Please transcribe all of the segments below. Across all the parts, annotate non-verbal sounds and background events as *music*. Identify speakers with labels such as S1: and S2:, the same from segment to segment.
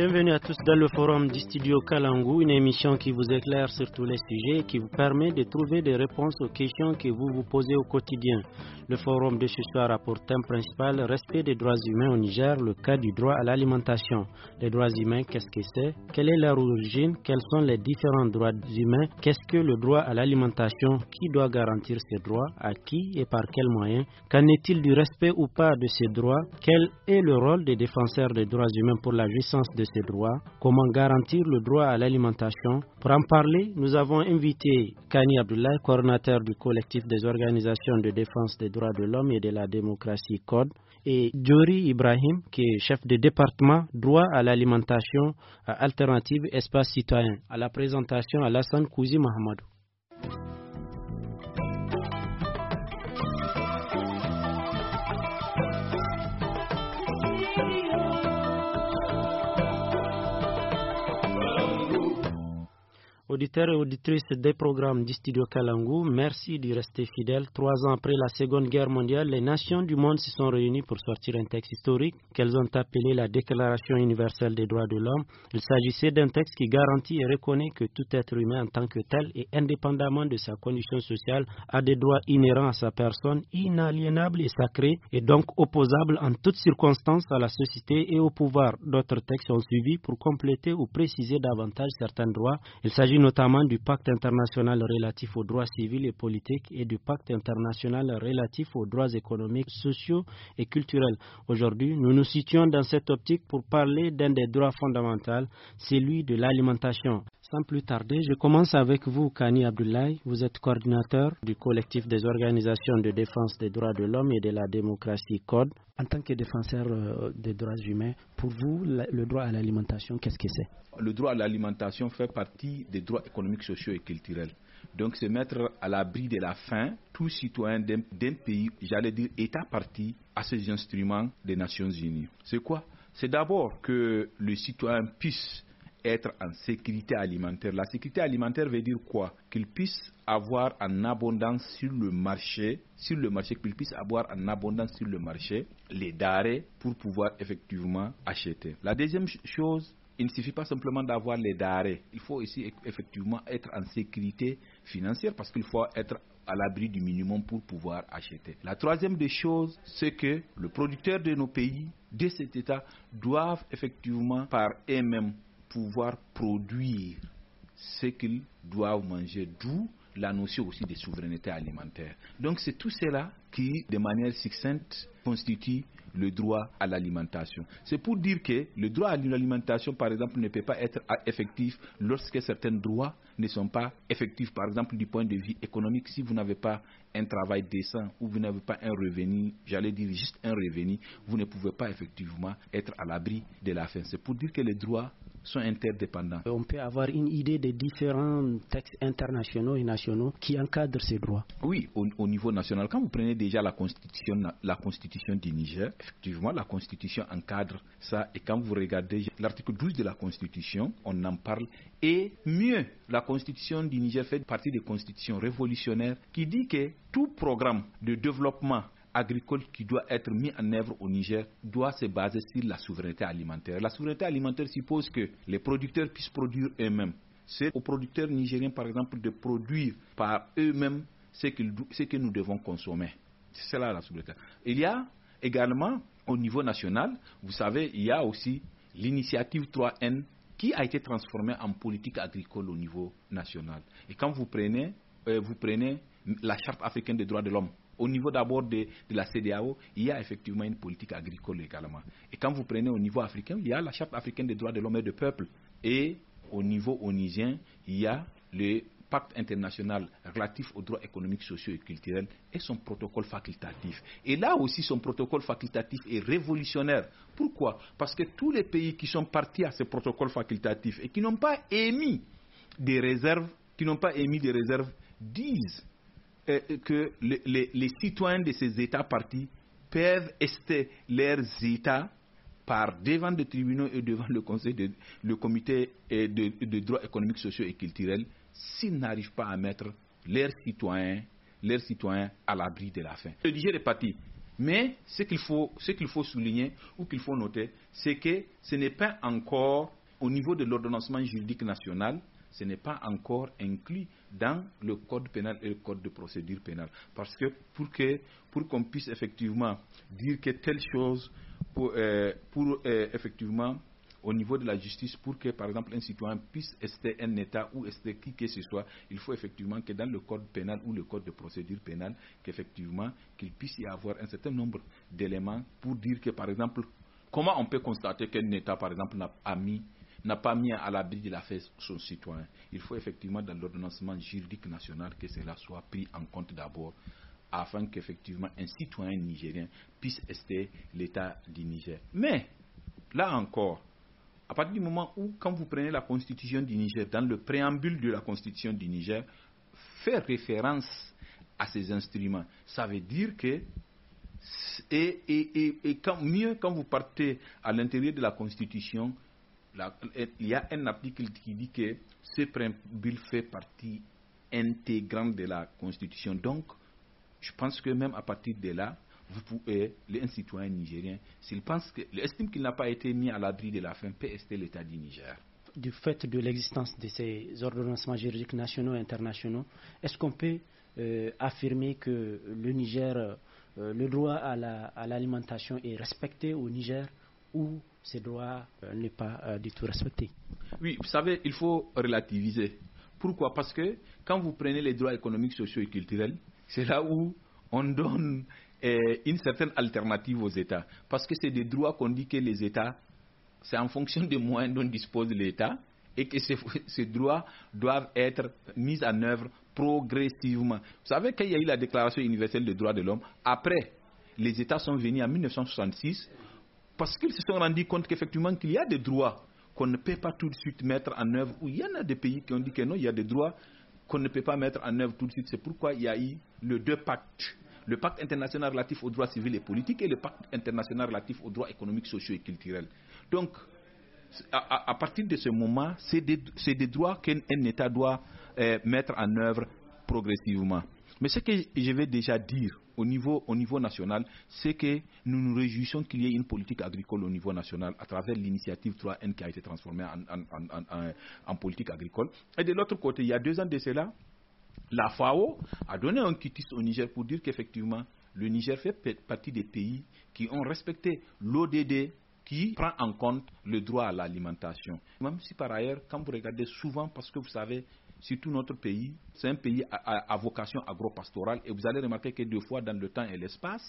S1: Bienvenue à tous dans le forum du studio Kalangu, une émission qui vous éclaire sur tous les sujets et qui vous permet de trouver des réponses aux questions que vous vous posez au quotidien. Le forum de ce soir a pour thème principal respect des droits humains au Niger, le cas du droit à l'alimentation. Les droits humains, qu'est-ce que c'est Quelle est leur origine Quels sont les différents droits humains Qu'est-ce que le droit à l'alimentation Qui doit garantir ces droits À qui et par quels moyens Qu'en est-il du respect ou pas de ces droits Quel est le rôle des défenseurs des droits humains pour la jouissance de des droits, comment garantir le droit à l'alimentation. Pour en parler, nous avons invité Kani Abdullah, coordinateur du collectif des organisations de défense des droits de l'homme et de la démocratie CODE, et Jory Ibrahim, qui est chef de département droit à l'alimentation à alternative espace citoyen. À la présentation, Alassane Kouzi Mahamadou. Auditeurs et auditrices des programmes du studio Kalangu, merci d'y rester fidèles. Trois ans après la Seconde Guerre mondiale, les nations du monde se sont réunies pour sortir un texte historique qu'elles ont appelé la Déclaration universelle des droits de l'homme. Il s'agissait d'un texte qui garantit et reconnaît que tout être humain en tant que tel et indépendamment de sa condition sociale a des droits inhérents à sa personne, inaliénables et sacrés, et donc opposables en toutes circonstances à la société et au pouvoir. D'autres textes ont suivi pour compléter ou préciser davantage certains droits. Il s'agit notamment du pacte international relatif aux droits civils et politiques et du pacte international relatif aux droits économiques, sociaux et culturels. Aujourd'hui, nous nous situons dans cette optique pour parler d'un des droits fondamentaux, celui de l'alimentation. Sans plus tarder, je commence avec vous, Kani Abdoulaye. Vous êtes coordinateur du collectif des organisations de défense des droits de l'homme et de la démocratie CODE. En tant que défenseur euh, des droits humains, pour vous, le droit à l'alimentation, qu'est-ce que c'est
S2: Le droit à l'alimentation fait partie des droits économiques, sociaux et culturels. Donc se mettre à l'abri de la faim, tout citoyen d'un pays, j'allais dire, est partie à ces instruments des Nations Unies. C'est quoi C'est d'abord que le citoyen puisse être en sécurité alimentaire. La sécurité alimentaire veut dire quoi Qu'il puisse avoir en abondance sur le marché, sur le marché, qu'il puisse avoir en abondance sur le marché les darés pour pouvoir effectivement acheter. La deuxième chose, il ne suffit pas simplement d'avoir les darés. Il faut aussi e-, effectivement être en sécurité financière parce qu'il faut être à l'abri du minimum pour pouvoir acheter. La troisième des choses, c'est que le producteur de nos pays, de cet État, doivent effectivement par eux-mêmes pouvoir produire ce qu'ils doivent manger, d'où la notion aussi de souveraineté alimentaire. Donc c'est tout cela qui, de manière succincte, constitue le droit à l'alimentation. C'est pour dire que le droit à l'alimentation, par exemple, ne peut pas être effectif lorsque certains droits ne sont pas effectifs, par exemple, du point de vue économique. Si vous n'avez pas un travail décent ou vous n'avez pas un revenu, j'allais dire juste un revenu, vous ne pouvez pas effectivement être à l'abri de la faim. C'est pour dire que les droits sont interdépendants. On peut
S1: avoir une idée des différents textes internationaux et nationaux qui encadrent ces droits.
S2: Oui, au, niveau national, quand vous prenez déjà la constitution, la constitution du Niger, effectivement, la constitution encadre ça. Et quand vous regardez l'article 12 de la constitution, on en parle. Et mieux, la constitution du Niger fait partie des constitutions révolutionnaires qui dit que tout programme de développement agricole qui doit être mis en œuvre au Niger doit se baser sur la souveraineté alimentaire. La souveraineté alimentaire suppose que les producteurs puissent produire eux-mêmes. C'est aux producteurs nigériens, par exemple, de produire par eux-mêmes ce que, nous devons consommer. C'est cela la souveraineté. Il y a également, au niveau national, vous savez, il y a aussi l'initiative 3N qui a été transformée en politique agricole au niveau national. Et quand vous prenez, euh, vous prenez la Charte africaine des droits de l'homme, au niveau d'abord de, la CDAO, il y a effectivement une politique agricole également. Et quand vous prenez au niveau africain, il y a la Charte africaine des droits de l'homme et du peuple. Et au niveau onisien, il y a le pacte international relatif aux droits économiques, sociaux et culturels et son protocole facultatif. Et là aussi, son protocole facultatif est révolutionnaire. Pourquoi Parce que tous les pays qui sont partis à ce protocole facultatif et qui n'ont pas émis des réserves, qui n'ont pas émis des réserves, disent euh, que les, citoyens de ces États partis peuvent ester leurs États par devant de tribunaux et devant le conseil de, le comité euh, de, de, droits économiques, sociaux et culturels s'ils n'arrivent pas à mettre leurs citoyens, leurs citoyens à l'abri de la faim. Le Niger est parti. Mais ce qu'il faut, ce qu'il faut, souligner ou qu'il faut noter, c'est que ce n'est pas encore au niveau de l'ordonnancement juridique national ce n'est pas encore inclus dans le code pénal et le code de procédure pénale. Parce que pour qu'on pour qu'on puisse effectivement dire que telle chose, pour, euh, euh, effectivement au niveau de la justice pour que, par exemple, un citoyen puisse rester un État ou rester qui que ce soit, il faut effectivement que dans le code pénal ou le code de procédure pénale, qu'effectivement, qu'il puisse y avoir un certain nombre d'éléments pour dire que, par exemple, comment on peut constater qu'un État, par exemple, pas mis n'a pas mis à l'abri de l'affaire son citoyen. Il faut effectivement dans l'ordonnancement juridique national que cela soit pris en compte d'abord afin qu'effectivement un citoyen nigérien puisse rester l'État du Niger. Mais, là encore, à partir du moment où, quand vous prenez la constitution du Niger, dans le préambule de la constitution du Niger, faire référence à ces instruments, ça veut dire que et, quand, mieux quand vous partez à l'intérieur de la Constitution, il y a un article qui dit que ce printemps fait partie intégrante de la Constitution. Donc, je pense que même à partir de là, vous pouvez, un citoyen nigérien, s'il pense que, estime qu'il n'a pas été mis à l'abri de la faim, peut rester l'État du Niger.
S1: Du fait de l'existence de ces ordonnancements juridiques nationaux et internationaux, est-ce qu'on peut euh, affirmer que le Niger, euh, le droit à l'alimentation est respecté au Niger où ces droits euh, n'est pas euh, du tout respecté.
S2: Oui, vous savez, il faut relativiser. Pourquoi Parce que quand vous prenez les droits économiques, sociaux et culturels, c'est là où on donne euh, une certaine alternative aux États. Parce que c'est des droits qu'on dit que les États, c'est en fonction des moyens dont dispose l'État et que ces, *laughs* ces, droits doivent être mis en œuvre progressivement. Vous savez qu'il y a eu la Déclaration universelle des droits de l'homme. Après, les États sont venus en 1966 parce qu'ils se sont rendus compte qu'effectivement qu'il y a des droits qu'on ne peut pas tout de suite mettre en œuvre, ou il y en a des pays qui ont dit que non, il y a des droits qu'on ne peut pas mettre en œuvre tout de suite. C'est pourquoi il y a eu le deux pactes. Le pacte international relatif aux droits civils et politiques et le pacte international relatif aux droits économiques, sociaux et culturels. Donc, à, partir de ce moment, c'est des, droits qu'un État doit euh, mettre en œuvre progressivement. Mais ce que je vais déjà dire, au niveau, au niveau national, c'est que nous nous réjouissons qu'il y ait une politique agricole au niveau national à travers l'initiative 3N qui a été transformée en, politique agricole. Et de l'autre côté, il y a deux ans de cela, la FAO a donné un quitus au Niger pour dire qu'effectivement, le Niger fait partie des pays qui ont respecté l'ODD qui prend en compte le droit à l'alimentation. Même si par ailleurs, quand vous regardez souvent, parce que vous savez, surtout notre pays, c'est un pays à, vocation agro-pastorale et vous allez remarquer que deux fois dans le temps et l'espace,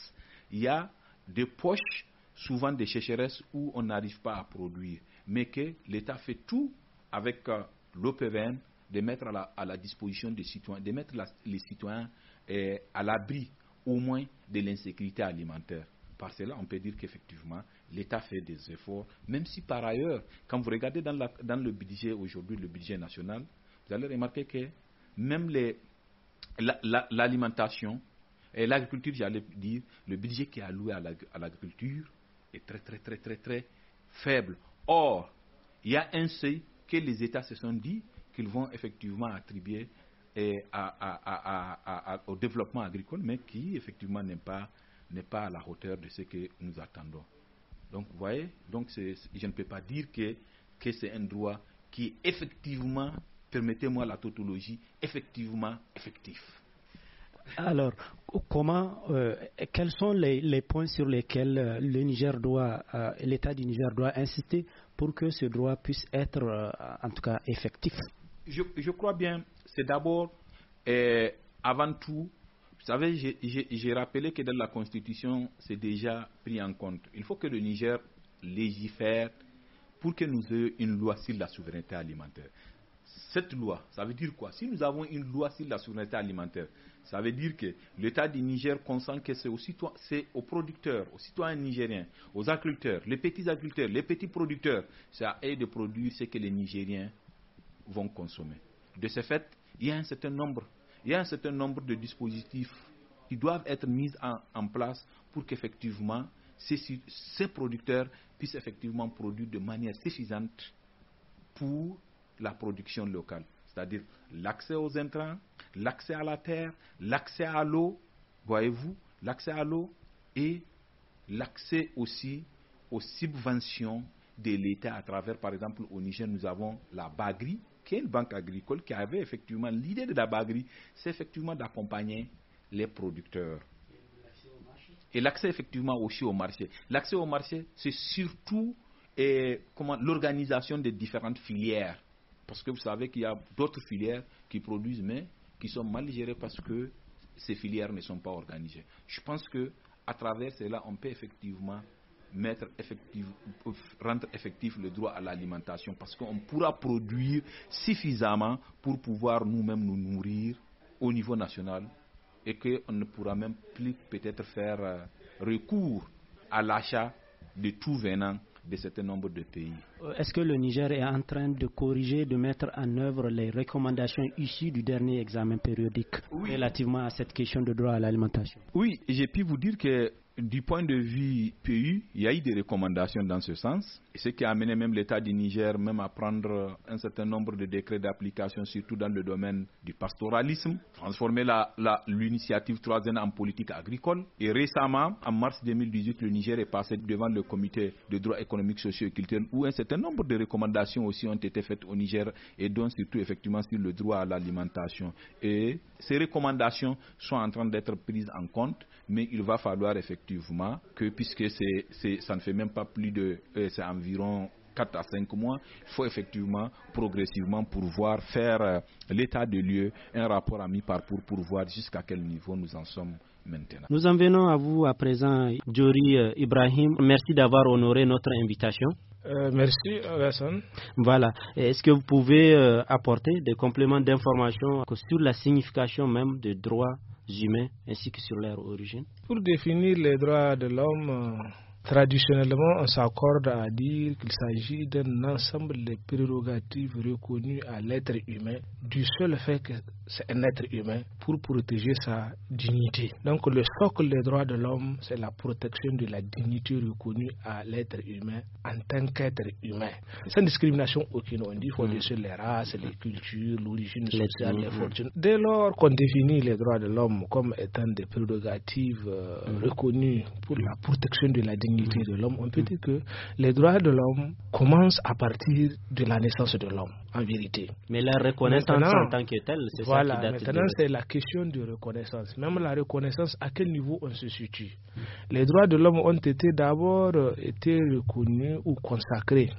S2: il y a des poches, souvent des sécheresses où on n'arrive pas à produire, mais que l'État fait tout avec euh, l'OPVM de mettre à la, disposition des citoyens, de mettre les citoyens eh, à l'abri au moins de l'insécurité alimentaire. Par cela, on peut dire qu'effectivement, l'État fait des efforts, même si par ailleurs, quand vous regardez dans, dans le budget aujourd'hui, le budget national, vous allez remarquer que même l'alimentation et l'agriculture, j'allais dire, le budget qui est alloué à l'agriculture est très, très, très, très, très faible. Or, il y a un seuil que les États se sont dit qu'ils vont effectivement attribuer eh, au développement agricole, mais qui effectivement n'est pas, pas à la hauteur de ce que nous attendons. Donc, vous voyez, donc je ne peux pas dire que, que c'est un droit qui est effectivement permettez-moi la tautologie, effectivement effectif.
S1: Alors, comment, euh, quels sont les, points sur lesquels euh, le Niger doit, euh, l'État du Niger doit insister pour que ce droit puisse être, en tout cas, effectif
S2: Je, je crois bien, c'est d'abord, avant tout, vous savez, j'ai rappelé que dans la Constitution, c'est déjà pris en compte. Il faut que le Niger légifère pour que nous ayons une loi sur la souveraineté alimentaire cette loi, ça veut dire quoi Si nous avons une loi sur la souveraineté alimentaire, ça veut dire que l'État du Niger consent que c'est aux, aux, producteurs, aux citoyens nigériens, aux agriculteurs, les petits agriculteurs, les petits producteurs, c'est à eux de produire ce que les Nigériens vont consommer. De ce fait, il y a un certain nombre, il y a un certain nombre de dispositifs qui doivent être mis en, place pour qu'effectivement ces, ces producteurs puissent effectivement produire de manière suffisante pour la production locale, c'est-à-dire l'accès aux intrants, l'accès à la terre, l'accès à l'eau, voyez-vous, l'accès à l'eau et l'accès aussi aux subventions de l'État à travers, par exemple, au Niger, nous avons la Bagri, qui est une banque agricole qui avait effectivement l'idée de la Bagri, c'est effectivement d'accompagner les producteurs. Et l'accès effectivement aussi au marché. L'accès au marché, c'est surtout eh, l'organisation des différentes filières parce que vous savez qu'il y a d'autres filières qui produisent, mais qui sont mal gérées parce que ces filières ne sont pas organisées. Je pense que à travers cela, on peut effectivement mettre euh, rendre effectif le droit à l'alimentation parce qu'on pourra produire suffisamment pour pouvoir nous-mêmes nous nourrir au niveau national et qu'on ne pourra même plus peut-être faire euh, recours à l'achat de tout venant de certains nombre de pays.
S1: Euh, est-ce que le Niger est en train de corriger, de mettre en œuvre les recommandations issues du dernier examen périodique relativement à cette question de droit à l'alimentation
S2: Oui, j'ai pu vous dire que du point de vue PU, il y a eu des recommandations dans ce sens ce qui a amené même l'État du Niger même à prendre un certain nombre de décrets d'application, surtout dans le domaine du pastoralisme, transformer l'initiative la, 3 en politique agricole. Et récemment, en mars 2018, le Niger est passé devant le comité de droit économique, sociaux et culturels où un certain nombre de recommandations aussi ont été faites au Niger et donc surtout effectivement sur le droit à l'alimentation. Et ces recommandations sont en train d'être prises en compte, mais il va falloir effectivement que, puisque ça ne fait même pas plus de... Euh, environ 4 à 5 mois, il faut effectivement progressivement pouvoir faire euh, l'état de lieu, un rapport à mi-parcours pour voir jusqu'à quel niveau nous en sommes
S1: maintenant. Nous en venons à vous à présent, Jory euh, Ibrahim. Merci d'avoir honoré notre invitation.
S3: Euh, merci, Vincent.
S1: Voilà. Est-ce que vous pouvez apporter des compléments d'information sur la signification même des droits humains ainsi que sur leur origine
S3: Pour définir les droits de l'homme, Traditionnellement, on s'accorde à dire qu'il s'agit d'un ensemble de prérogatives reconnues à l'être humain du seul fait que c'est un être humain pour protéger sa dignité. Donc le socle des droits de l'homme, c'est la protection de la dignité reconnue à l'être humain en tant qu'être humain. Sans discrimination aucune, on dit faut hmm. les races, les cultures, l'origine sociale, les fortunes. Dès lors qu'on définit les droits de l'homme comme étant des prérogatives euh, hmm. reconnues pour la protection de la dignité, Mm. de l'homme, on peut mm. dire que les droits de l'homme commencent à partir de la naissance de l'homme, en vérité.
S1: Mais la reconnaissance en tant
S3: que telle, c'est ça qui date Maintenant, c'est la question de reconnaissance. Même la reconnaissance, à quel niveau on se situe mm. Les droits de l'homme ont été d'abord euh, été reconnus ou consacrés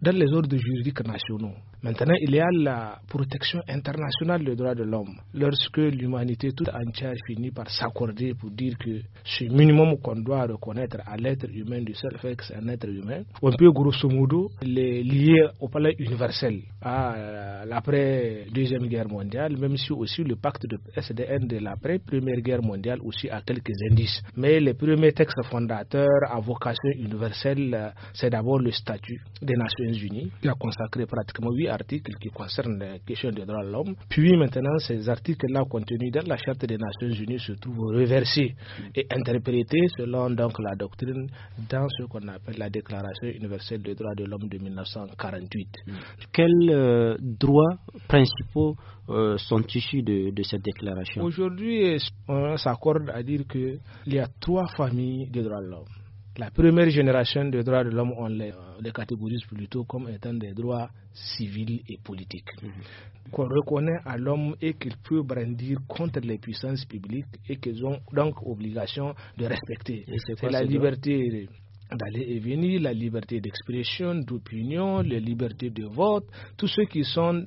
S3: dans les ordres juridiques nationaux. Maintenant, il y a la protection internationale des droits de l'homme. Lorsque l'humanité toute entière finit par s'accorder pour dire que ce minimum qu'on doit reconnaître à l'être humain du seul fait que c'est un être humain, on peut grosso modo les lier au palais universel à euh, l'après Deuxième Guerre mondiale, même si aussi le pacte de SDN de l'après Première Guerre mondiale aussi a quelques indices. Mais les premiers textes fondateurs à vocation universelle, euh, c'est d'abord le statut des Nations Unies qui a consacré pratiquement 8 articles qui concernent la questions des droits de l'homme. Puis maintenant, ces articles-là contenus dans la Charte des Nations Unies se trouvent reversés et interprétés selon donc la doctrine dans ce qu'on appelle la Déclaration universelle des droits de l'homme de 1948.
S1: Mm. Quels euh, droits principaux euh, sont issus de, de cette déclaration
S3: Aujourd'hui, on s'accorde à dire qu'il y a trois familles de droits de l'homme la
S1: première génération des droits de l'homme,
S3: on euh, les, catégorise plutôt comme étant des droits civils et politiques, mhm. qu'on reconnaît à l'homme et qu'il peut brandir contre les puissances publiques et qu'ils ont donc obligation de respecter. C'est la liberté d'aller et venir, la liberté d'expression, d'opinion, la liberté de vote, tous ceux qui sont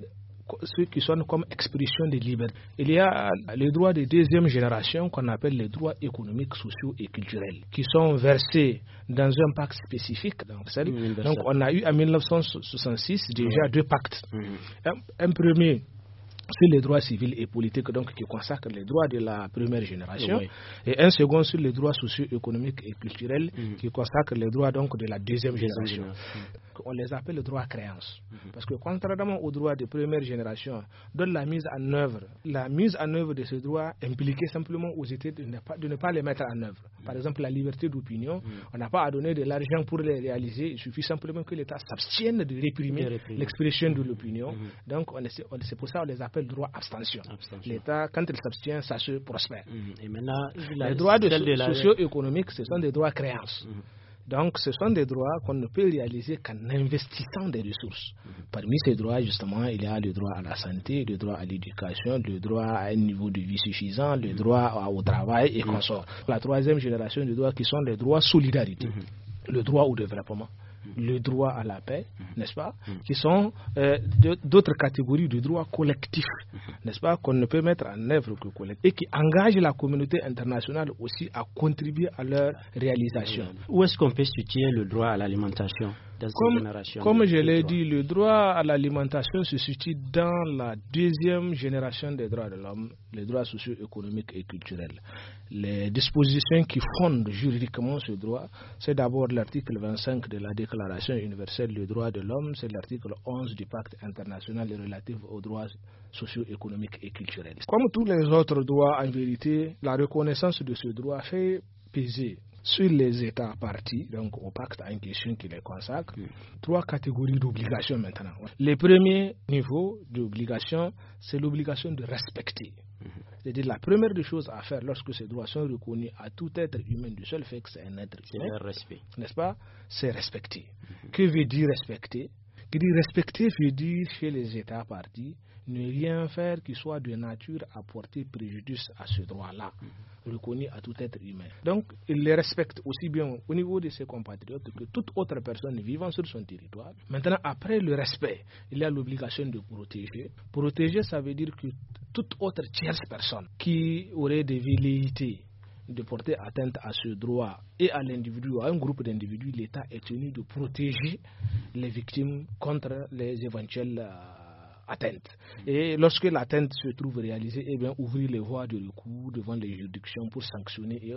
S3: ceux qui sont comme expression des libertés. Il y a les droits de deuxième génération qu'on appelle les droits économiques, sociaux et culturels, qui sont versés dans un pacte spécifique. Donc, donc on a eu en 1966 déjà deux pactes. un premier sur les droits civils et politiques, donc qui consacrent les droits de la première génération, et un second sur les droits sociaux, économiques et culturels, mhm. qui consacrent les droits donc de la deuxième génération. On les appelle les droits créances, créance. Mhm. parce que contrairement aux droits de première génération, donne la mise en œuvre, la mise en œuvre de ces droits impliquait simplement aux États de ne pas, de ne pas les mettre en œuvre. Mhm. Par exemple, la liberté d'opinion, on n'a pas à donner de l'argent pour les réaliser, il suffit simplement que l'État s'abstienne de réprimer, l'expression de l'opinion. Donc, c'est pour ça qu'on les appelle le droit abstention. L'État, quand il s'abstient, ça se prospère. Mm-hmm. Et maintenant, les droits la... socio-économiques, ce sont mm-hmm. des droits créances. Mm-hmm. Donc, ce sont des droits qu'on ne peut réaliser qu'en investissant des ressources. Parmi ces droits, justement, il y a le droit à la santé, le droit à l'éducation, le droit à un niveau de vie suffisant, le droit au travail et consorts. La troisième génération de droits qui sont les droits solidarité, le droit au développement, le droit à la paix, mm-hmm. n'est-ce pas, mm-hmm. qui sont euh, d'autres catégories de droits collectifs, mm-hmm. n'est-ce pas, qu'on ne peut mettre en œuvre que collectif, et qui engagent la communauté internationale aussi à contribuer à leur réalisation.
S1: Où est-ce qu'on peut soutenir le droit à l'alimentation comme, je l'ai
S3: dit, le droit à l'alimentation se situe dans la deuxième génération des droits de l'homme, les droits sociaux, économiques et culturels. Les dispositions qui fondent juridiquement ce droit, c'est d'abord l'article 25 de la Déclaration universelle des droits de l'homme, c'est l'article 11 du Pacte international relatif aux droits sociaux, économiques et culturels. Comme tous les autres droits, en vérité, la reconnaissance de ce droit fait peser sur les États partis, donc au pacte en question qui les consacre, trois catégories d'obligations maintenant. Le premier niveau d'obligation, c'est l'obligation de respecter. Mhm. C'est-à-dire la première des choses à faire lorsque ces droits sont reconnus à tout être humain du seul fait que c'est un être humain, n'est-ce pas C'est respecter. Mhm. Que veut dire respecter Que dire respecter veut dire chez les États partis ne rien faire qui soit de nature à porter préjudice à ce droit-là, mm-hmm. reconnu à tout être humain. Donc, il les respecte aussi bien au niveau de ses compatriotes que toute autre personne vivant sur son territoire. Maintenant, après le respect, il a l'obligation de protéger. Protéger, ça veut dire que toute autre tierce personne qui aurait des velléités de porter atteinte à ce droit et à l'individu, à un groupe d'individus, l'État est tenu de protéger les victimes contre les éventuels. Euh, atteinte. Et lorsque l'atteinte se trouve réalisée, eh ouvrir les voies de recours devant les juridictions pour sanctionner et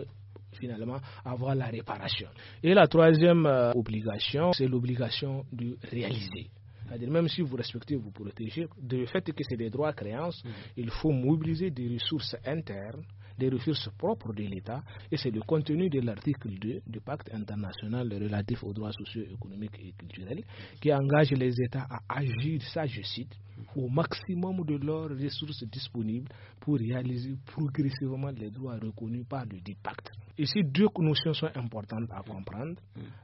S3: finalement avoir la réparation. Et la troisième euh, obligation, c'est l'obligation de réaliser. C'est-à-dire même si vous respectez, vous protégez, du fait que c'est des droits à créance, mm. il faut mobiliser des ressources internes des ressources propres de l'État et c'est le contenu de l'article 2 du pacte international relatif aux droits sociaux, économiques et culturels qui engage les États à agir, ça je cite, au maximum de leurs ressources disponibles pour réaliser progressivement les droits reconnus par le dit pacte. Ici, deux notions sont importantes à comprendre.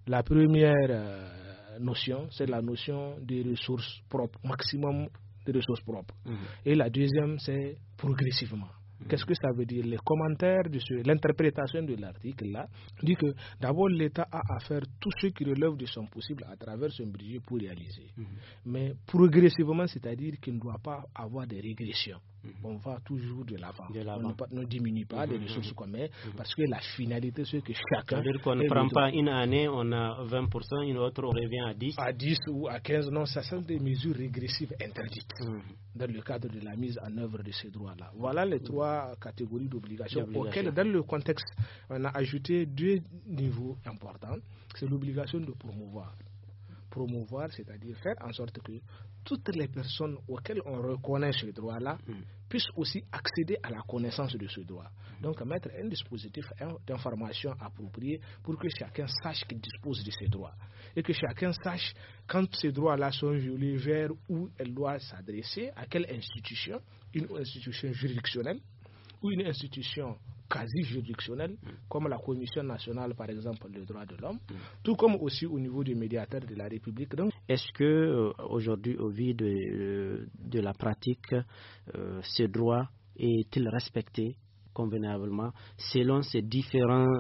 S3: La première euh, notion, c'est la notion des ressources propres, maximum de ressources propres. Mmh. Et la deuxième, c'est progressivement. Qu'est-ce que ça veut dire Les commentaires, l'interprétation de l'article là, dit que d'abord l'État a à faire tout ce qui relève de son possible à travers son budget pour réaliser. Mm-hmm. Mais progressivement, c'est-à-dire qu'il ne doit pas avoir de régression. Mhm. on va toujours de l'avant. On ne diminue pas les mhm. ressources mhm. qu'on met parce que la finalité, c'est que chacun. C'est-à-dire qu'on ne prend pas
S1: une année, on a 20%, une autre,
S3: on revient à 10. À 10 ou à 15, non, ça sont des mesures régressives interdites dans le cadre de la mise en œuvre de ces droits-là. Voilà les trois catégories d'obligations auxquelles, dans le contexte, on a ajouté deux niveaux importants. C'est l'obligation de promouvoir promouvoir, c'est-à-dire faire en sorte que toutes les personnes auxquelles on reconnaît ce droit-là hmm. puissent aussi accéder à la connaissance de ce droit. Hmm. Donc mettre un dispositif d'information approprié pour que chacun sache qu'il dispose de ses droits et que chacun sache quand ces droits-là sont violés, vers où elle doit s'adresser, à quelle institution, une institution juridictionnelle ou une institution quasi juridictionnel, comme la Commission nationale, par exemple, des droits de l'homme, mm. tout comme aussi au niveau du médiateur de la République.
S1: est-ce que euh, aujourd'hui, au vu de, euh, la pratique, euh, ce droit est-il respecté convenablement selon ces différents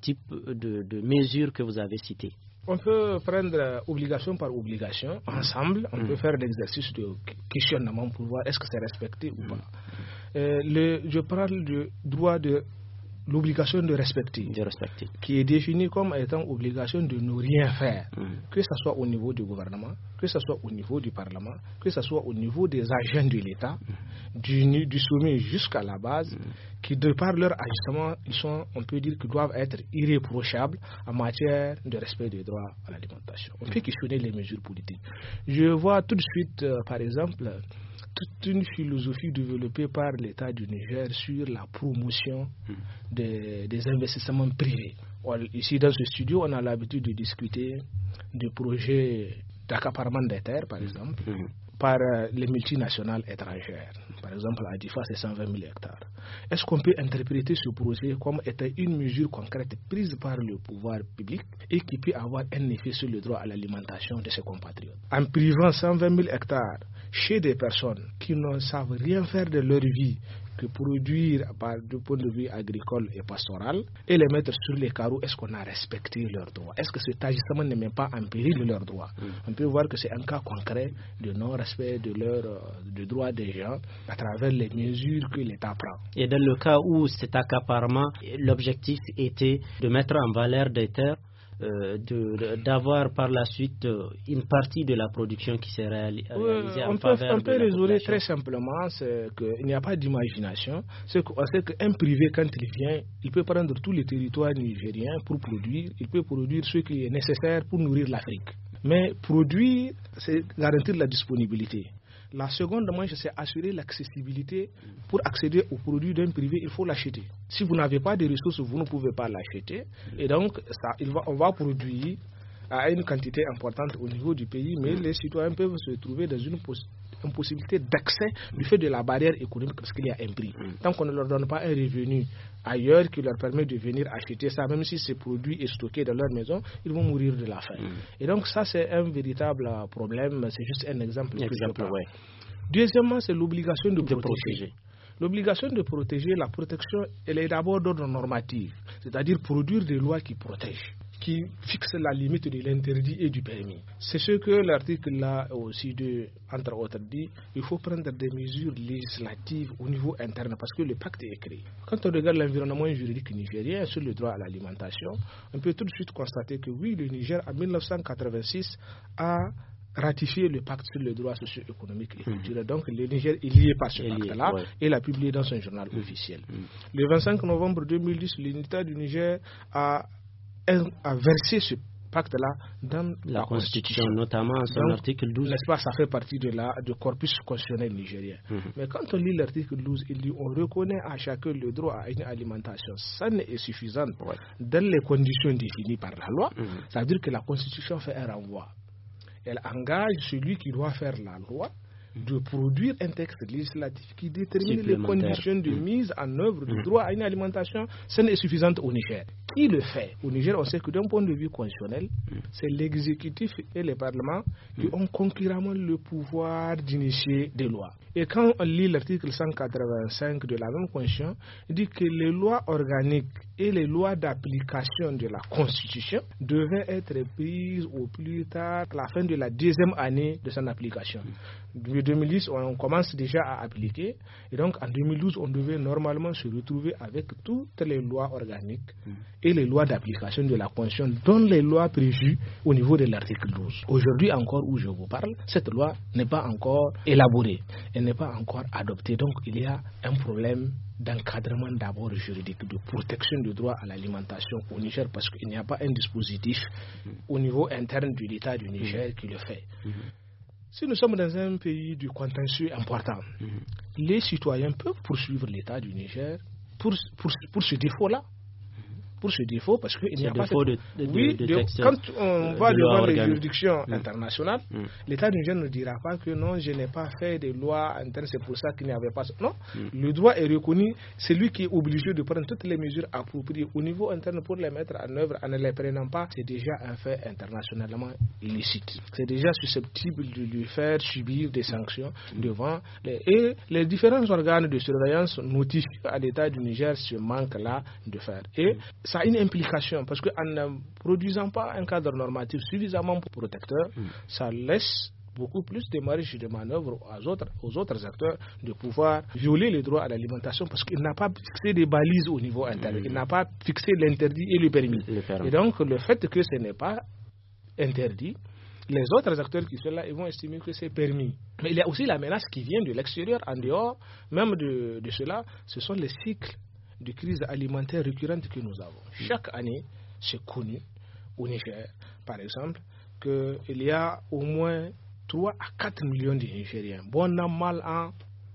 S1: types de, mesures que vous avez citées
S3: on peut prendre obligation par obligation,
S1: ensemble, on mm. peut
S3: faire l'exercice de questionnement pour voir est-ce que c'est respecté ou pas. Mm. Euh, le, je parle du droit de l'obligation de respecter, qui est définie comme étant obligation de ne rien faire, mm. que ce soit au niveau du gouvernement, que ce soit au niveau du Parlement, que ce soit au niveau des agents de l'État, mm. du, du, sommet jusqu'à la base, mm. qui de par leur ajustement, ils sont, on peut dire qu'ils doivent être irréprochables en matière de respect des droits à l'alimentation. On peut questionner les mesures politiques. Je vois tout de suite, euh, par exemple, toute une philosophie développée par l'État du Niger sur la promotion de des, investissements privés. Ici, dans ce studio, on a l'habitude de discuter de projets d'accaparement des terres, par mm. exemple, mm. par euh, les multinationales étrangères. Par exemple, à DIFA, c'est 120 000 hectares. Est-ce qu'on peut interpréter ce projet comme étant une mesure concrète prise par le pouvoir public et qui peut avoir un effet sur le droit à l'alimentation de ses compatriotes En privant 120 000 hectares chez des personnes qui ne savent rien faire de leur vie, produire par, du point de vue agricole et pastoral et les mettre sur les carreaux, est-ce qu'on a respecté leurs droits Est-ce que cet agissement ne met pas en péril leurs droits mm. On peut voir que c'est un cas concret de non-respect de leurs euh, de droits des gens à travers les mesures que l'État prend.
S1: Et dans le cas où cet accaparement, l'objectif était de mettre en valeur des terres, euh, d'avoir par la suite euh, une partie de la production qui s'est réalisée en on on peut
S3: très simplement qu'il n'y a pas d'imagination. C'est qu'un privé, quand il vient, il peut prendre tous les territoires nigériens pour produire. Il peut produire ce qui est nécessaire pour nourrir l'Afrique. Mais produire, c'est garantir la disponibilité. La seconde manche, c'est assurer l'accessibilité. Pour accéder aux produits d'un privé, il faut l'acheter. Si vous n'avez pas de ressources, vous ne pouvez pas l'acheter. Et donc, ça, on va produire à une quantité importante au niveau du pays, mais les citoyens peuvent se trouver dans une position possibilité d'accès du fait de la barrière économique parce qu'il y a un prix. Mm. Tant qu'on ne leur donne pas un revenu ailleurs qui leur permet de venir acheter ça, même si ce produit est stocké dans leur maison, ils vont mourir de la faim. Mm. Et donc ça, c'est un véritable euh, problème. C'est juste un exemple. Deuxièmement, c'est l'obligation de, protéger. protéger. L'obligation de protéger, la protection, elle est d'abord d'ordre normatif, c'est-à-dire produire des lois qui protègent qui fixe la limite de l'interdit et du permis. C'est ce que l'article là aussi de, entre autres dit, il faut prendre des mesures législatives au niveau interne parce que le pacte est créé. Quand on regarde l'environnement juridique nigérien sur le droit à l'alimentation, on peut tout de suite constater que oui, le Niger en 1986 a ratifié le pacte sur le droit socio-économique et mmh. culturel. Donc le Niger est pas sur le pacte-là et l'a publié dans son journal mmh. officiel. Mmh. Le 25 novembre 2010, l'unité du Niger a a versé ce pacte-là dans la, constitution,
S1: notamment son dans,
S3: article 12. N'est-ce pas, ça fait partie de la, du corpus constitutionnel nigérien. Mhm. Mais quand on lit l'article 12, il dit on reconnaît à chacun le droit à une alimentation saine et suffisante dans les conditions définies par la loi. cest mhm. à dire que la constitution fait un renvoi. Elle engage celui qui doit faire la loi de produire un texte législatif qui détermine les conditions de mm. mise en œuvre du mm. droit à une alimentation saine et suffisante au Niger. Qui le fait Au Niger, on sait que d'un point de vue constitutionnel, mm. c'est l'exécutif et le Parlement qui ont concurremment le pouvoir d'initier des lois. Et quand on lit l'article 185 de la même Constitution, il dit que les lois organiques et les lois d'application de la Constitution devaient être prises au plus tard à la fin de la deuxième année de son application. En 2010, on commence déjà à appliquer et donc en 2012, on devait normalement se retrouver avec toutes les lois organiques et les lois d'application de la Constitution, dont les lois prévues au niveau de l'article 12. Aujourd'hui encore où je vous parle, cette loi n'est pas encore élaborée, elle n'est pas encore adoptée. Donc il y a un problème d'encadrement d'abord juridique, de protection du droit à l'alimentation au Niger, parce qu'il n'y a pas un dispositif au niveau interne de l'État du Niger mhm. qui le fait. Mhm. Si nous sommes dans un pays du contentieux important, mhm. les citoyens peuvent poursuivre l'État du Niger pour, pour, pour ce défaut-là pour ce défaut parce qu'il n'y a pas de, oui, quand on va devant les juridictions mm. internationales, mm. l'État du Niger ne dira pas que non, je n'ai pas fait de loi interne, c'est pour ça qu'il n'y avait pas. Non, mm. le droit est reconnu, c'est lui qui est obligé de prendre toutes les mesures appropriées au niveau interne pour les mettre en œuvre en ne les prenant pas. C'est déjà un fait internationalement illicite. C'est déjà susceptible de lui faire subir des sanctions devant les... et les différents organes de surveillance notifient à l'État du Niger ce manque-là de faire. Et ça a une implication parce qu'en ne produisant pas un cadre normatif suffisamment protecteur, hmm. ça laisse beaucoup plus de marge de manœuvre aux autres, aux autres acteurs de pouvoir violer les droits à l'alimentation parce qu'il n'a pas fixé des balises au niveau interne, hmm. il n'a pas fixé l'interdit et le permis. et donc le fait que ce n'est pas interdit, les autres acteurs qui sont là, ils vont estimer que c'est permis. Mais il y a aussi la menace qui vient de l'extérieur, en dehors même de cela, ce sont les cycles de crise alimentaire récurrente que nous avons. Mm. Chaque année, c'est connu au Niger, par exemple, qu'il y a au moins 3 à 4 millions de Nigériens, bon an, mal an,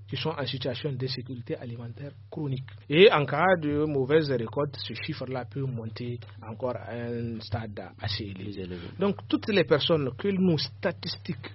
S3: qui sont en situation d'insécurité alimentaire chronique. Et en cas de mauvaise récolte, ce chiffre-là peut monter encore à un stade assez élevé. Donc toutes les personnes que nous statistiques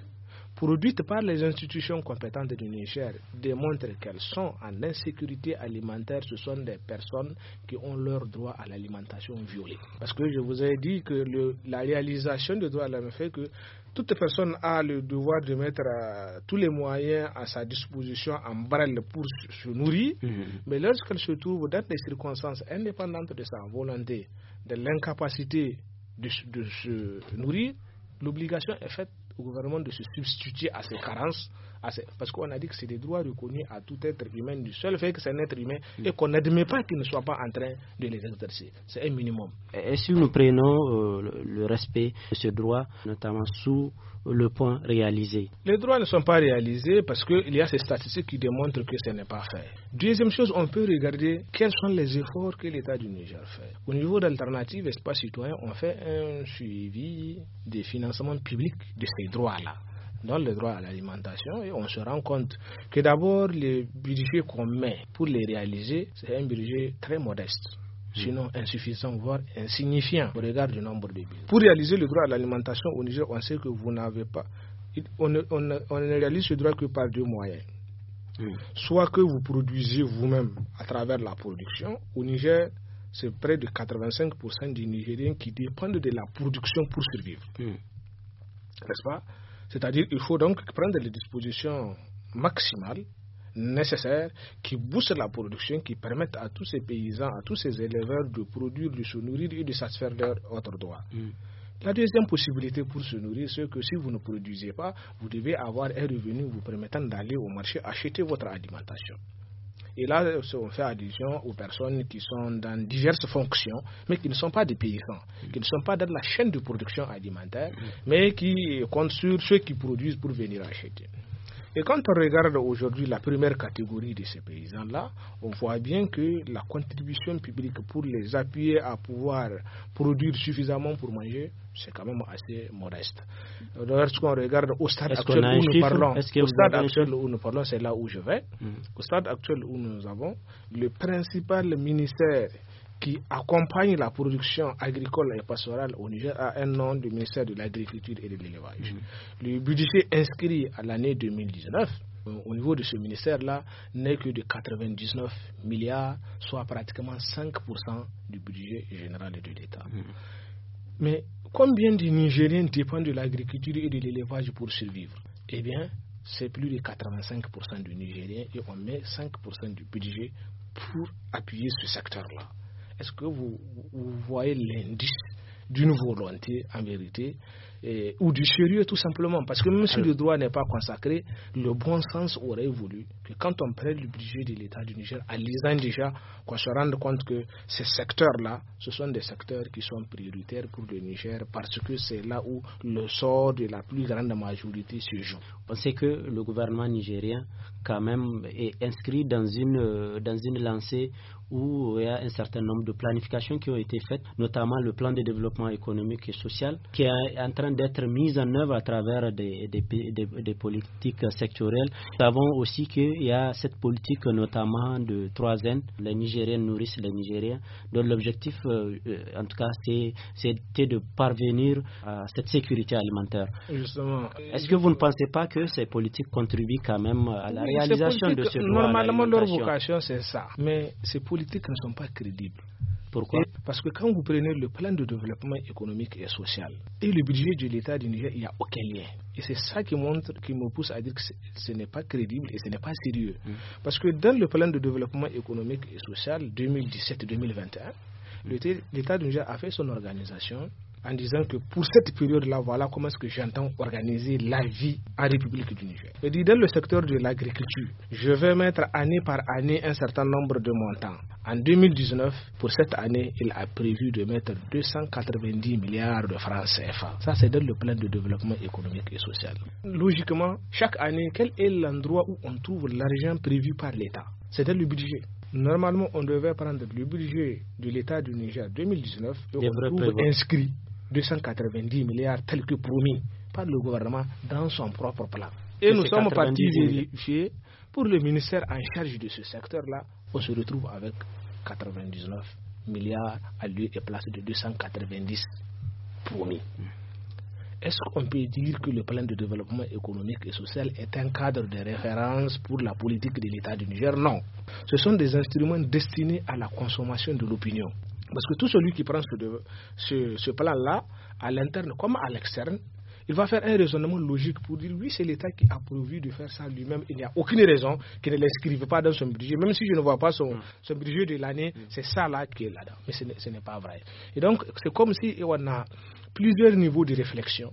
S3: produites par les institutions compétentes du Niger démontrent qu'elles sont en insécurité alimentaire, ce sont des personnes qui ont leur droit à l'alimentation violé. Parce que je vous ai dit que la réalisation de droit à l'homme fait que toute personne a le devoir de mettre euh, tous les moyens à sa disposition en branle pour se nourrir, mmh. mais lorsqu'elle se trouve dans des circonstances indépendantes de sa volonté, de l'incapacité de se nourrir, l'obligation est faite gouvernement de se substituer à ses carences ah, parce qu'on a dit que c'est des droits reconnus à tout être humain du seul fait que c'est un être humain mm. et qu'on n'admet pas qu'il ne soit pas en train de les exercer. C'est un minimum.
S1: Et si nous prenons euh, le, respect de ce droit, notamment sous le point réalisé
S3: Les droits ne sont pas réalisés parce qu'il y a ces statistiques qui démontrent que ce n'est pas fait. Deuxième chose, on peut regarder quels sont les efforts que l'État du Niger fait. Au niveau d'alternatives, Espace Citoyen, on fait un suivi des financements publics de ces droits-là dans le droit à l'alimentation et on se rend compte que d'abord le budget qu'on met pour les réaliser, c'est un budget très modeste sinon insuffisant, voire insignifiant au regard du nombre de billes. Pour réaliser le droit à l'alimentation au Niger, on sait que vous n'avez pas. On ne, on, on réalise ce droit que par deux moyens. Soit que vous produisez vous-même à travers la production. Au Niger, c'est près de 85% des Nigériens qui dépendent de la production pour survivre. N'est-ce pas c'est-à-dire qu'il faut donc prendre les dispositions maximales nécessaires qui boostent la production, qui permettent à tous ces paysans, à tous ces éleveurs de produire, de se nourrir et de satisfaire leurs autres droits. Mm. La deuxième possibilité pour se nourrir, c'est que si vous ne produisez pas, vous devez avoir un revenu vous permettant d'aller au marché acheter votre alimentation. Et là, on fait allusion aux personnes qui sont dans diverses fonctions, mais qui ne sont pas des paysans, qui ne sont pas dans la chaîne de production alimentaire, mm. mais qui comptent sur ceux qui produisent pour venir acheter. Et quand on regarde aujourd'hui la première catégorie de ces paysans-là, on voit bien que la contribution publique pour les appuyer à pouvoir produire suffisamment pour manger, c'est quand même assez modeste. Lorsqu'on regarde au stade actuel où nous parlons, au stade actuel où nous parlons, c'est là où je vais, hmm. au stade actuel où nous avons, le principal ministère qui accompagne la production agricole et pastorale au Niger a un nom du ministère de l'Agriculture et de l'Élevage. Mmh. Le budget inscrit à l'année 2019 au niveau de ce ministère-là n'est que de 99 milliards, soit pratiquement 5% du budget général de l'État. Mmh. Mais combien de Nigériens dépendent de l'agriculture et de l'élevage pour survivre Eh bien, c'est plus de 85% du Nigériens et on met 5% du budget pour appuyer ce secteur-là. Est-ce que vous, voyez l'indice d'une volonté en vérité eh, ou du sérieux tout simplement parce que même si le droit n'est pas consacré le bon sens aurait voulu que quand on prenne le budget de l'État du Niger à lisant déjà qu'on se rende compte que ces secteurs là ce sont des secteurs qui sont prioritaires pour le Niger parce que c'est là où le
S1: sort de la plus grande majorité se joue on sait que le gouvernement nigérien quand même est inscrit dans une dans une lancée où il y a un certain nombre de planifications qui ont été faites, notamment le plan de développement économique et social, qui est en train d'être mis en œuvre à travers des, des, politiques sectorielles. Nous savons aussi qu'il y a cette politique notamment de trois n les Nigériens nourrissent les Nigériens, dont l'objectif, euh, euh, en tout cas, c'était de parvenir à cette sécurité alimentaire. Justement. Est-ce que vous ne pensez pas que ces politiques contribuent quand même à la réalisation de ce plan Normalement, leur vocation,
S3: c'est ça. Mais c'est pour politiques ne sont pas crédibles. Pourquoi Parce que quand vous prenez le plan de développement économique et social et le budget de l'État du Niger, il n'y a aucun lien. Et c'est ça qui montre, qui me pousse à dire que ce n'est pas crédible et ce n'est pas sérieux. Mmh. Parce que dans le plan de développement économique et social 2017-2021, l'État du Niger a fait son organisation en disant que pour cette période-là, voilà comment est-ce que j'entends organiser la vie en République du Niger. Je dit dans le secteur de l'agriculture, je vais mettre année par année un certain nombre de montants. En 2019, pour cette année, il a prévu de mettre 290 milliards de francs CFA. Ça, c'est dans le plan de développement économique et social. Logiquement, chaque année, quel est l'endroit où on trouve l'argent prévu par l'État C'est dans le budget. Normalement, on devait prendre le budget de l'État du Niger 2019 et on trouve inscrit 290 milliards tels que promis par le gouvernement dans son propre plan. Et, nous sommes partis vérifier pour le ministère en charge de ce secteur-là, on se retrouve avec 99 milliards à lieu et place de 290 promis. Est-ce qu'on peut dire que le plan de développement économique et social est un cadre de référence pour la politique de l'État du Niger Non. Ce sont des instruments destinés à la consommation de l'opinion. Parce que tout celui qui prend ce, plan-là, à l'interne comme à l'externe, il va faire un raisonnement logique pour dire oui, c'est l'État qui a prévu de faire ça lui-même. Il n'y a aucune raison qu'il ne l'inscrive pas dans son budget. Même si je ne vois pas son, hmm. budget de l'année, hmm. c'est ça là qui est là-dedans. Mais ce n'est pas vrai. Et donc, c'est comme si on a plusieurs niveaux de réflexion,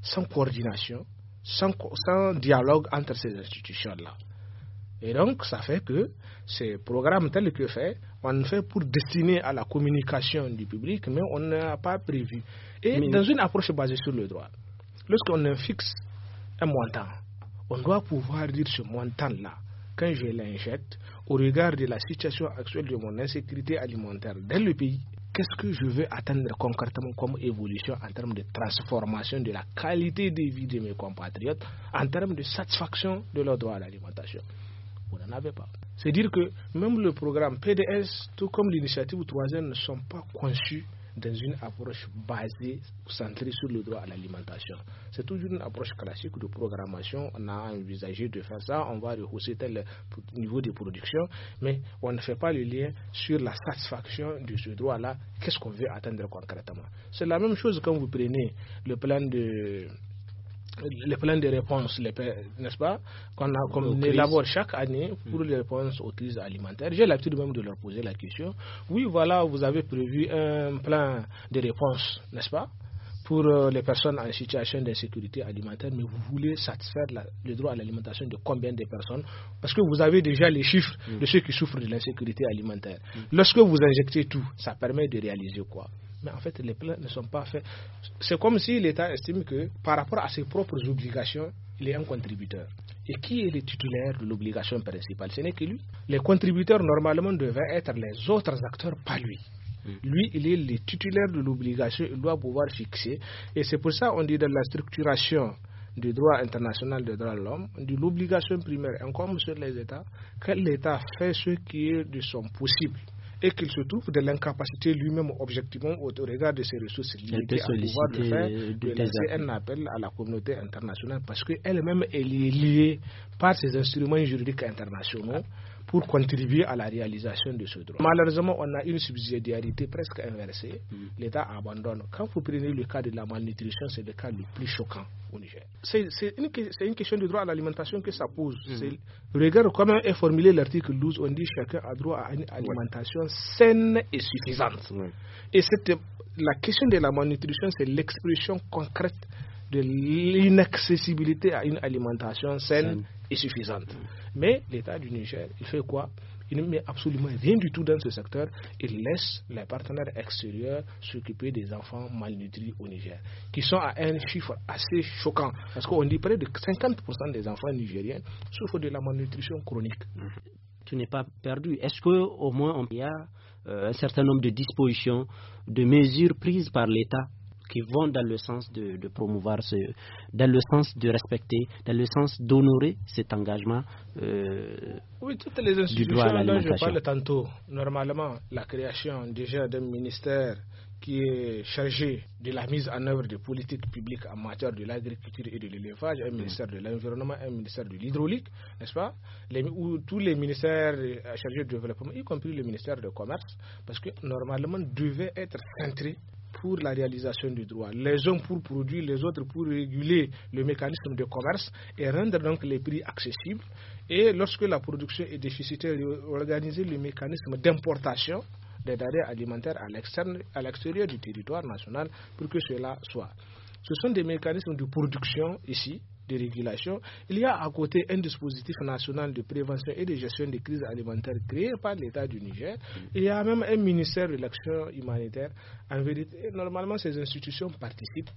S3: sans coordination, sans dialogue entre ces institutions-là. Et donc, ça fait que ces programmes tels que fait, on fait pour destiner à la communication du public, mais on n'a pas prévu. Et dans une approche basée sur le droit, lorsqu'on fixe un montant, on doit pouvoir dire ce montant-là, quand je l'injecte, au regard de la situation actuelle de mon insécurité alimentaire dans le pays, qu'est-ce que je veux atteindre concrètement comme évolution en termes de transformation de la qualité de vie de mes compatriotes, en termes de satisfaction de leur droit à l'alimentation vous n'en avez pas. C'est dire que même le programme PDS, tout comme l'initiative troisième, ne sont pas conçus dans une approche basée ou centrée sur le droit à l'alimentation. C'est toujours une approche classique de programmation. On a envisagé de faire ça, on va rehausser tel niveau de production, mais on ne fait pas le lien sur la satisfaction de ce droit-là. Qu'est-ce qu'on veut atteindre concrètement C'est la même chose quand vous prenez le plan de les plans de réponse, n'est-ce pas, qu'on élabore chaque année mm. pour les réponses aux crises alimentaires. J'ai l'habitude même de leur poser la question. Oui, voilà, vous avez prévu un plan de réponse, n'est-ce pas, pour euh, les personnes en situation d'insécurité alimentaire, mais vous voulez satisfaire le droit à l'alimentation de combien de personnes Parce que vous avez déjà les chiffres mm. de ceux qui souffrent de l'insécurité alimentaire. Mm. Lorsque vous injectez tout, ça permet de réaliser quoi mais en fait, les plans ne sont pas faits. C'est comme si l'État estime que par rapport à ses propres obligations, il est un contributeur. Et qui est le titulaire de l'obligation principale Ce n'est que lui. Les contributeurs, normalement, devaient être les autres acteurs, pas lui. Mm. Lui, il est le titulaire de l'obligation, il doit pouvoir fixer. Et c'est pour ça qu'on dit dans la structuration du droit international des droits de l'homme, de l'obligation primaire comme sur les États, que l'État fait ce qui est de son possible et qu'il se trouve de l'incapacité lui-même objectivement au regard de ses ressources limitées à pouvoir le faire, de laisser un appel à la communauté internationale parce qu'elle-même est liée par ses instruments juridiques internationaux. Ah pour contribuer à la réalisation de ce droit. Malheureusement, on a une subsidiarité presque inversée. Mm. L'État abandonne. Quand vous prenez le cas de la malnutrition, c'est le cas le plus choquant au Niger. C'est une, question de droit à l'alimentation que ça pose. Mm. Regarde comment est formulé l'article 12. On dit chacun a droit à une alimentation saine et suffisante. Et la question de la malnutrition, c'est l'expression concrète de l'inaccessibilité à une alimentation saine, et suffisante. Mm. Mais l'État du Niger, il fait quoi il ne met absolument rien du tout dans ce secteur. Il laisse les partenaires extérieurs s'occuper des enfants malnutris au Niger, qui sont à un chiffre assez choquant. Parce qu'on dit près de 50% des enfants nigériens souffrent de la malnutrition chronique.
S1: Tu n'es pas perdu. Est-ce qu'au moins il y a euh, un certain nombre de dispositions, de mesures prises par l'État qui vont dans le sens de, promouvoir, ce, dans le sens de respecter, dans le sens d'honorer cet engagement euh,
S3: oui, toutes les institutions du droit dont je parle tantôt, normalement, la création déjà d'un ministère qui est chargé de la mise en œuvre des politiques publiques en matière de l'agriculture et de l'élevage, un mm. ministère de l'environnement, un ministère de l'hydraulique, n'est-ce pas les, Ou tous les ministères chargés du développement, y compris le ministère de commerce, parce que normalement devait être centré pour la réalisation du droit. Les uns pour produire, les autres pour réguler le mécanisme de commerce et rendre donc les prix accessibles. Et lorsque la production est déficitaire, organiser le mécanisme d'importation des denrées alimentaires à l'extérieur du territoire national pour que cela soit. Ce sont des mécanismes de production ici de régulation, il y a à côté un dispositif national de prévention et de gestion des crises alimentaires créé par l'État du Niger. Mm. Il y a même un ministère de l'action humanitaire. En vérité, normalement, ces institutions participent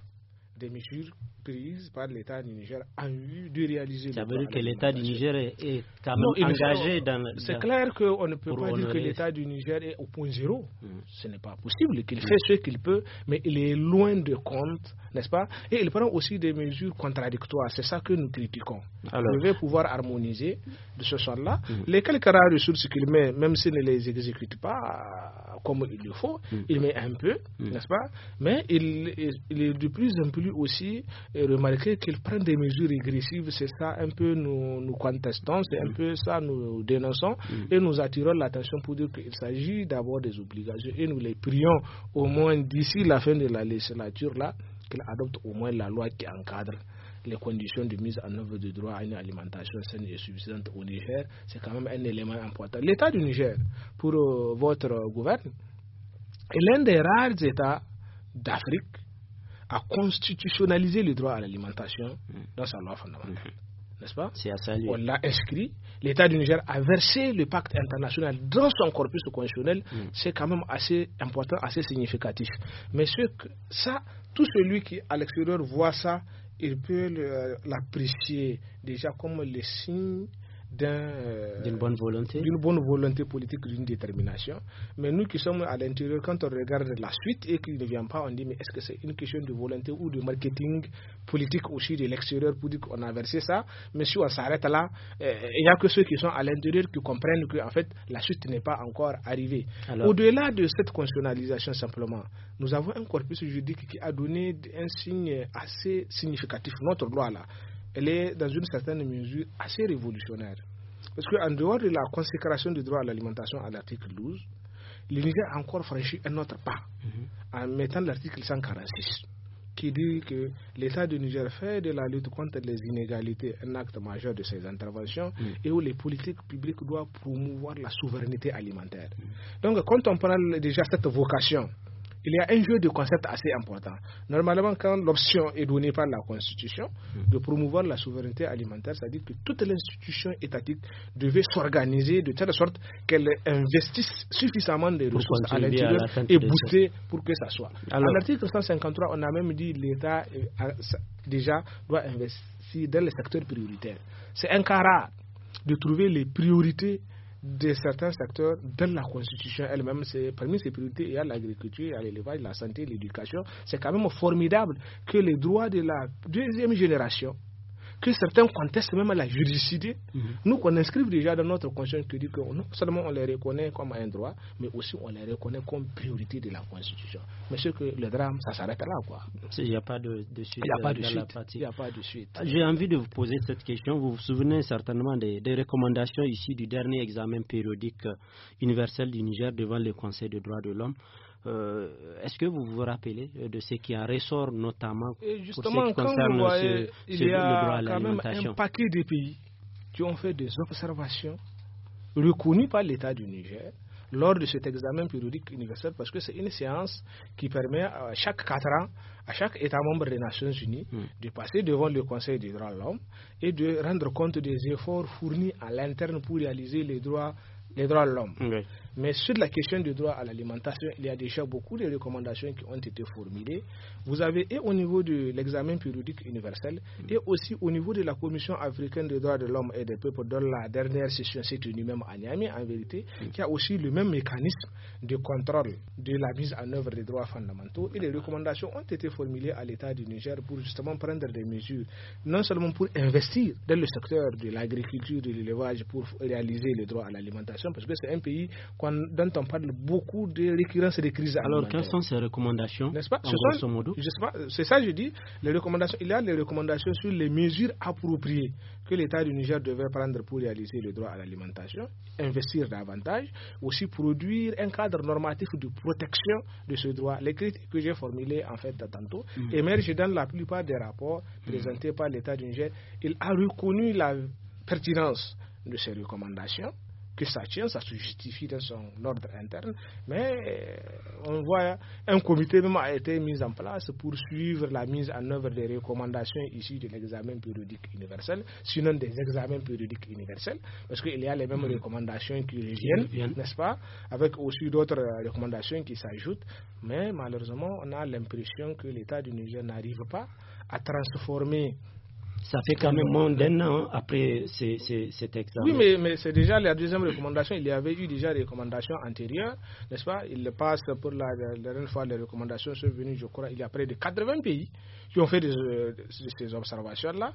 S3: des mesures prises par l'État du Niger en vue de réaliser Ça veut dire que
S1: l'État du Niger est, quand même engagé dans. C'est clair qu'on ne peut pas dire que l'État
S3: du Niger est au point zéro. Mm. Ce n'est pas possible. Qu'il mm. fait ce qu'il peut, mais il est loin de compte, n'est-ce pas Et il prend aussi des mesures contradictoires. C'est ça que nous critiquons. Alors. Il pouvoir harmoniser de ce sort-là. Mm. Les quelques rares ressources qu'il met, même s'il ne les exécute pas comme il le faut, mm. il met un peu, mm. n'est-ce pas Mais il, est de plus en plus aussi euh, remarqué qu'il prend des mesures régressives, c'est ça un peu nous, contestons, c'est un mm. peu ça nous dénonçons et nous attirons l'attention pour dire qu'il s'agit d'avoir des obligations et nous les prions au moins d'ici la fin de la législature là qu'il adopte au moins la loi qui encadre les conditions de mise en œuvre du droit à une alimentation saine et suffisante au Niger, c'est quand même un élément important. L'État du Niger, pour euh, votre gouverne, est l'un des rares États d'Afrique à constitutionnaliser le droit à l'alimentation mm. dans sa loi fondamentale. Mm-hmm. N'est-ce pas On l'a inscrit. L'État du Niger a versé le pacte international dans son corpus constitutionnel. Mm. C'est quand même assez important, assez significatif. Mais ce que, ça, tout celui qui, à l'extérieur, voit ça, il peut euh, l'apprécier déjà comme le signe euh, d'une bonne volonté, d'une bonne volonté politique, d'une détermination. Mais nous qui sommes à l'intérieur, quand on regarde la suite et qu'il ne vient pas, on dit mais est-ce que c'est une question de volonté ou de marketing politique aussi de l'extérieur pour dire qu'on a versé ça Mais si on s'arrête là, euh, il n'y a que ceux qui sont à l'intérieur qui comprennent que en fait la suite n'est pas encore arrivée. Au-delà de cette constitutionnalisation simplement, nous avons un corpus juridique qui a donné un signe assez significatif, notre droit là elle est dans une certaine mesure assez révolutionnaire. Parce qu'en dehors de la consécration du droit à l'alimentation à l'article 12, le Niger a encore franchi un autre pas mhm. en mettant l'article 146 qui dit que l'État du Niger fait de la lutte contre les inégalités un acte majeur de ses interventions et où les politiques publiques doivent promouvoir la souveraineté alimentaire. Donc, quand on parle déjà cette vocation il y a un jeu de concept assez important. Normalement, quand l'option est donnée par la Constitution hmm. de promouvoir la souveraineté alimentaire, c'est-à-dire que toutes toute l'institution étatique devait s'organiser de telle sorte qu'elle investisse suffisamment de ressources à l'intérieur et booster pour que ça soit. à l'article 153, on a même dit l'État euh, déjà doit investir dans les secteurs prioritaires. C'est un cas de trouver les priorités de certains secteurs dans la Constitution elle-même. Parmi ces priorités, il y a l'agriculture, il y a l'élevage, la santé, l'éducation. C'est quand même formidable que les droits de la deuxième génération que certains contestent même la juridicité. Mhm. Nous, qu'on inscrive déjà dans notre conscience que dit que non seulement on les reconnaît comme un droit, mais aussi on les reconnaît comme priorité de la Constitution. Mais que le drame, ça s'arrête là, quoi.
S1: Il n'y a pas de, suite. Il n'y euh,
S3: a, pas de suite.
S1: J'ai envie de vous poser cette question. Vous vous souvenez certainement des recommandations ici du dernier examen périodique euh, universel du Niger devant le Conseil des droits de l'homme. Euh, est-ce que vous vous rappelez euh, de ce qui en ressort notamment justement, pour ce qui concerne il y a quand même un paquet de pays qui ont fait des observations
S3: reconnues par l'État du Niger lors de cet examen périodique universel parce que c'est une séance qui permet à chaque 4 ans, à chaque État membre des Nations Unies hmm. de passer devant le Conseil des droits de l'homme et de rendre compte des efforts fournis à l'interne pour réaliser les droits, les droits de l'homme. Mais sur la question du droit à l'alimentation, il y a déjà beaucoup de recommandations qui ont été formulées. Vous avez, et au niveau de l'examen périodique universel, mm. et aussi au niveau de la Commission africaine des droits de l'homme et des peuples, dans la dernière session c'est une même année, Niamey, en vérité, mm. qui a aussi le même mécanisme de contrôle de la mise en œuvre des droits fondamentaux. Et les recommandations ont été formulées à l'État du Niger pour justement prendre des mesures, non seulement pour investir dans le secteur de l'agriculture, de l'élevage, pour réaliser le droit à l'alimentation, parce que c'est un pays dont on parle beaucoup de récurrence des crises Alors, quelles sont ces
S1: recommandations N'est-ce pas,
S3: C'est ça, je dis. Les recommandations, il y a les recommandations sur les mesures appropriées que l'État du Niger devait prendre pour réaliser le droit à l'alimentation, investir davantage, aussi produire un cadre normatif de protection de ce droit. Les critiques que j'ai formulé en fait, tantôt, émerge mm. émergent dans la plupart des rapports présentés mm. par l'État du Niger. Il a reconnu la pertinence de ces recommandations que ça tient, ça se justifie dans son ordre interne, mais euh, on voit un comité même a été mis en place pour suivre la mise en œuvre des recommandations issues de l'examen périodique universel, sinon des examens périodiques universels, parce qu'il y a les mêmes mm-hmm. recommandations qui reviennent, n'est-ce pas, avec aussi d'autres recommandations qui s'ajoutent, mais malheureusement, on a l'impression que l'État du Niger n'arrive pas à transformer
S1: ça fait quand même moins d'un an après cet examen. Oui,
S3: mais, c'est déjà la deuxième recommandation. Il y avait eu déjà des recommandations antérieures, n'est-ce pas Il passe pour la, dernière fois, les recommandations sont venues, je crois, il y a près de 80 pays qui ont fait euh, ces observations-là.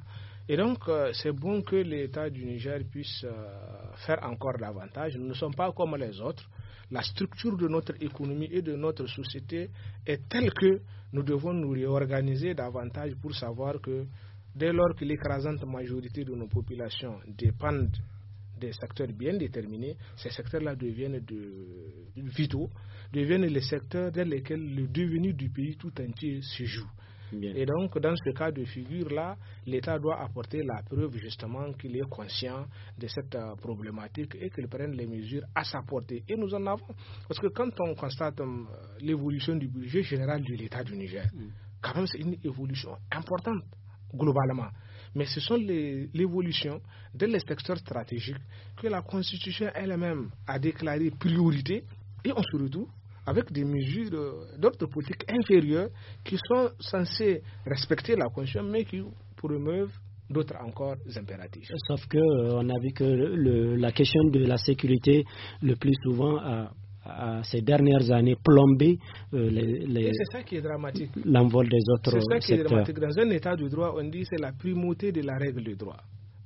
S3: Et donc, euh, c'est bon que l'État du Niger puisse euh, faire encore davantage. Nous ne sommes pas comme les autres. La structure de notre économie et de notre société est telle que nous devons nous réorganiser davantage pour savoir que Dès lors que l'écrasante majorité de nos populations dépendent des secteurs bien déterminés, ces secteurs-là deviennent de, vitaux, deviennent les secteurs dans lesquels le devenir du pays tout entier se joue. Et donc, dans ce cas de figure-là, l'État doit apporter la preuve justement qu'il est conscient de cette euh, problématique et qu'il prenne les mesures à sa portée. Et nous en avons. Parce que quand on constate euh, l'évolution du budget général de l'État du Niger, mm. quand même c'est une évolution importante globalement. Mais ce sont l'évolution de les secteurs stratégiques que la Constitution elle-même a déclaré priorité et on se retrouve avec des mesures euh, d'autres politiques inférieures qui sont censées respecter la Constitution mais qui promeuvent d'autres encore impératifs.
S1: Sauf que euh, a vu que la question de la sécurité le plus souvent a à ces dernières années plombé euh, l'envol des autres C'est ça qui est dramatique.
S3: Dans un état de droit, on dit c'est la primauté de la règle de droit.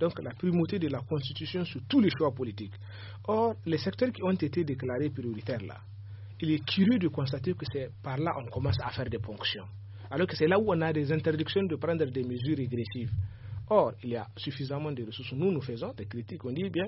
S3: Donc la primauté de la Constitution sur tous les choix politiques. Or, les secteurs qui ont été déclarés prioritaires là, il est curieux de constater que c'est par là on commence à faire des ponctions. Alors que c'est là où on a des interdictions de prendre des mesures régressives. Or, il y a suffisamment de ressources. Nous, nous faisons des critiques. On dit bien,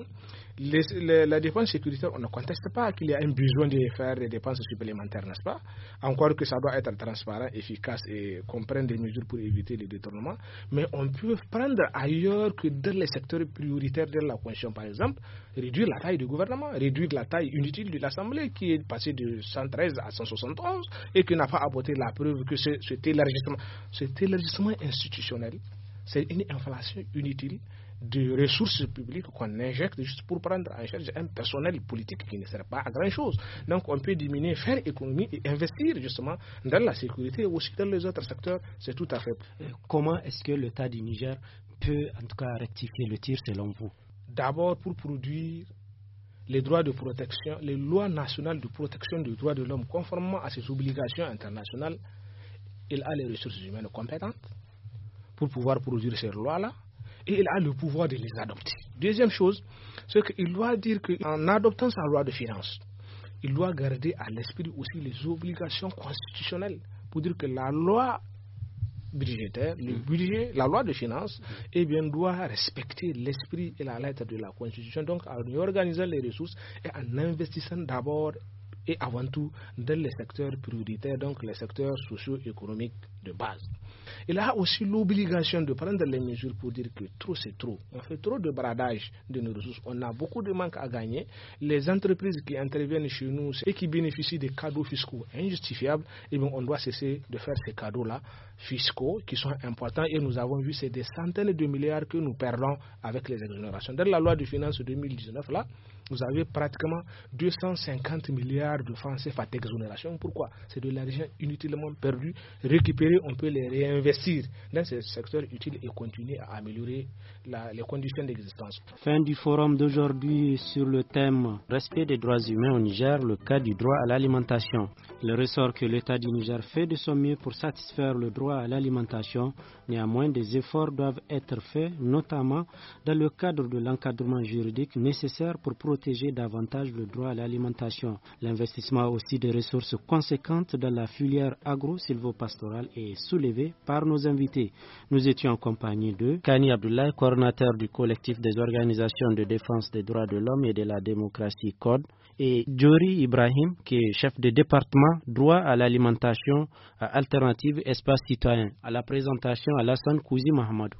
S3: les, la dépense sécuritaire, on ne conteste pas qu'il y a un besoin de faire des dépenses supplémentaires, n'est-ce pas Encore que ça doit être transparent, efficace et qu'on prenne des mesures pour éviter les détournements. Mais on peut prendre ailleurs que dans les secteurs prioritaires de la Constitution, par exemple, réduire la taille du gouvernement, réduire la taille inutile de l'Assemblée qui est passée de 113 à 171 et qui n'a pas apporté la preuve que c'était élargissement, cet élargissement institutionnel c'est une inflation inutile de ressources publiques qu'on injecte juste pour prendre en charge un personnel politique qui ne sert pas à grand-chose. Donc on peut diminuer, faire économie et investir justement dans la sécurité ou aussi dans les autres secteurs, c'est tout à fait. Euh, comment est-ce que l'État du Niger peut en tout cas rectifier le tir selon vous D'abord pour produire les droits de protection, les lois nationales de protection des droits de l'homme conformément à ses obligations internationales, il a les ressources humaines compétentes pour pouvoir produire ces lois-là et il a le pouvoir de les adopter. Deuxième chose, c'est qu'il doit dire qu'en adoptant sa loi de finances, il doit garder à l'esprit aussi les obligations constitutionnelles pour dire que la loi budgétaire, le mm. budget, la loi de finances, mm. eh bien, doit respecter l'esprit et la lettre de la Constitution, donc en organisant les ressources et en investissant d'abord et avant tout dans les secteurs prioritaires, donc les secteurs socio-économiques de base il a aussi l'obligation de prendre les mesures pour dire que trop c'est trop. On fait trop de bradage de nos ressources. On a beaucoup de manques à gagner. Les entreprises qui interviennent chez nous et qui bénéficient des cadeaux fiscaux injustifiables, eh on doit cesser de faire ces cadeaux-là fiscaux qui sont importants et nous avons vu c'est des centaines de milliards que nous perdons avec les exonérations. Dès la loi de finances 2019, là, vous avez pratiquement 250 milliards de francs CFAT d'exonération. Pourquoi C'est de l'argent inutilement perdu. Récupéré, on peut les réinvestir dans ces secteurs utiles et continuer à améliorer les conditions d'existence.
S1: Fin du forum d'aujourd'hui sur le thème Respect des droits humains au Niger, le cas du droit à l'alimentation. Le ressort que l'État du Niger fait de son mieux pour satisfaire le droit à l'alimentation, néanmoins des efforts doivent être faits, notamment dans le cadre de l'encadrement juridique nécessaire pour protéger protéger davantage le droit à l'alimentation. L'investissement aussi de ressources conséquentes dans la filière agro-silvopastorale est soulevé par nos invités. Nous étions en compagnie de Kani Abdullah, coordinateur du collectif des organisations de défense des droits de l'homme et de la démocratie CODE, et Djori Ibrahim, qui est chef de département droit à l'alimentation alternative espace citoyen. À la présentation, Hassan Kouzi Mahamadou.